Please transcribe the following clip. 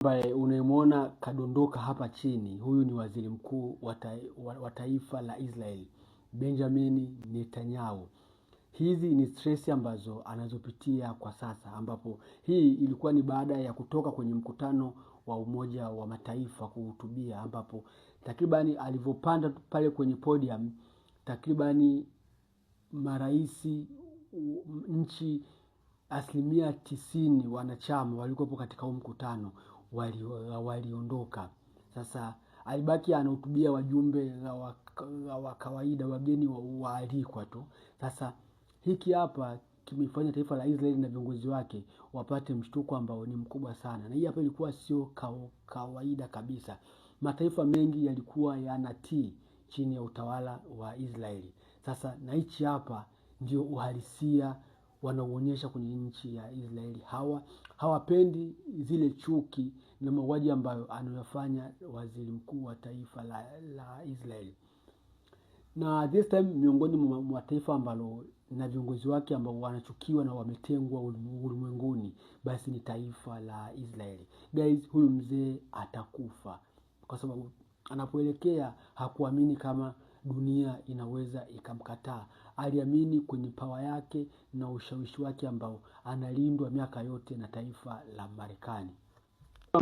ambaye unayemwona kadondoka hapa chini, huyu ni waziri mkuu wa taifa la Israel Benjamin Netanyahu. Hizi ni stress ambazo anazopitia kwa sasa, ambapo hii ilikuwa ni baada ya kutoka kwenye mkutano wa Umoja wa Mataifa kuhutubia, ambapo takribani alivyopanda pale kwenye podium, takribani maraisi nchi asilimia tisini wanachama walikuwepo katika huu mkutano. Uh, waliondoka wali sasa alibaki anahutubia wajumbe wa kawaida wageni waalikwa tu sasa hiki hapa kimefanya taifa la Israeli na viongozi wake wapate mshtuko ambao ni mkubwa sana, na hii hapa ilikuwa sio kawaida kabisa. Mataifa mengi yalikuwa yanatii chini ya utawala wa Israeli. Sasa na hichi hapa ndio uhalisia wanaoonyesha kwenye nchi ya Israeli. Hawa hawapendi zile chuki na mauaji ambayo anayofanya waziri mkuu wa taifa la, la Israeli. Na this time miongoni mwa taifa ambalo na viongozi wake ambao wanachukiwa na wametengwa ulimwenguni, basi ni taifa la Israeli. Guys, huyu mzee atakufa kwa sababu anapoelekea hakuamini kama dunia inaweza ikamkataa. Aliamini kwenye pawa yake na ushawishi wake ambao analindwa miaka yote na taifa la Marekani.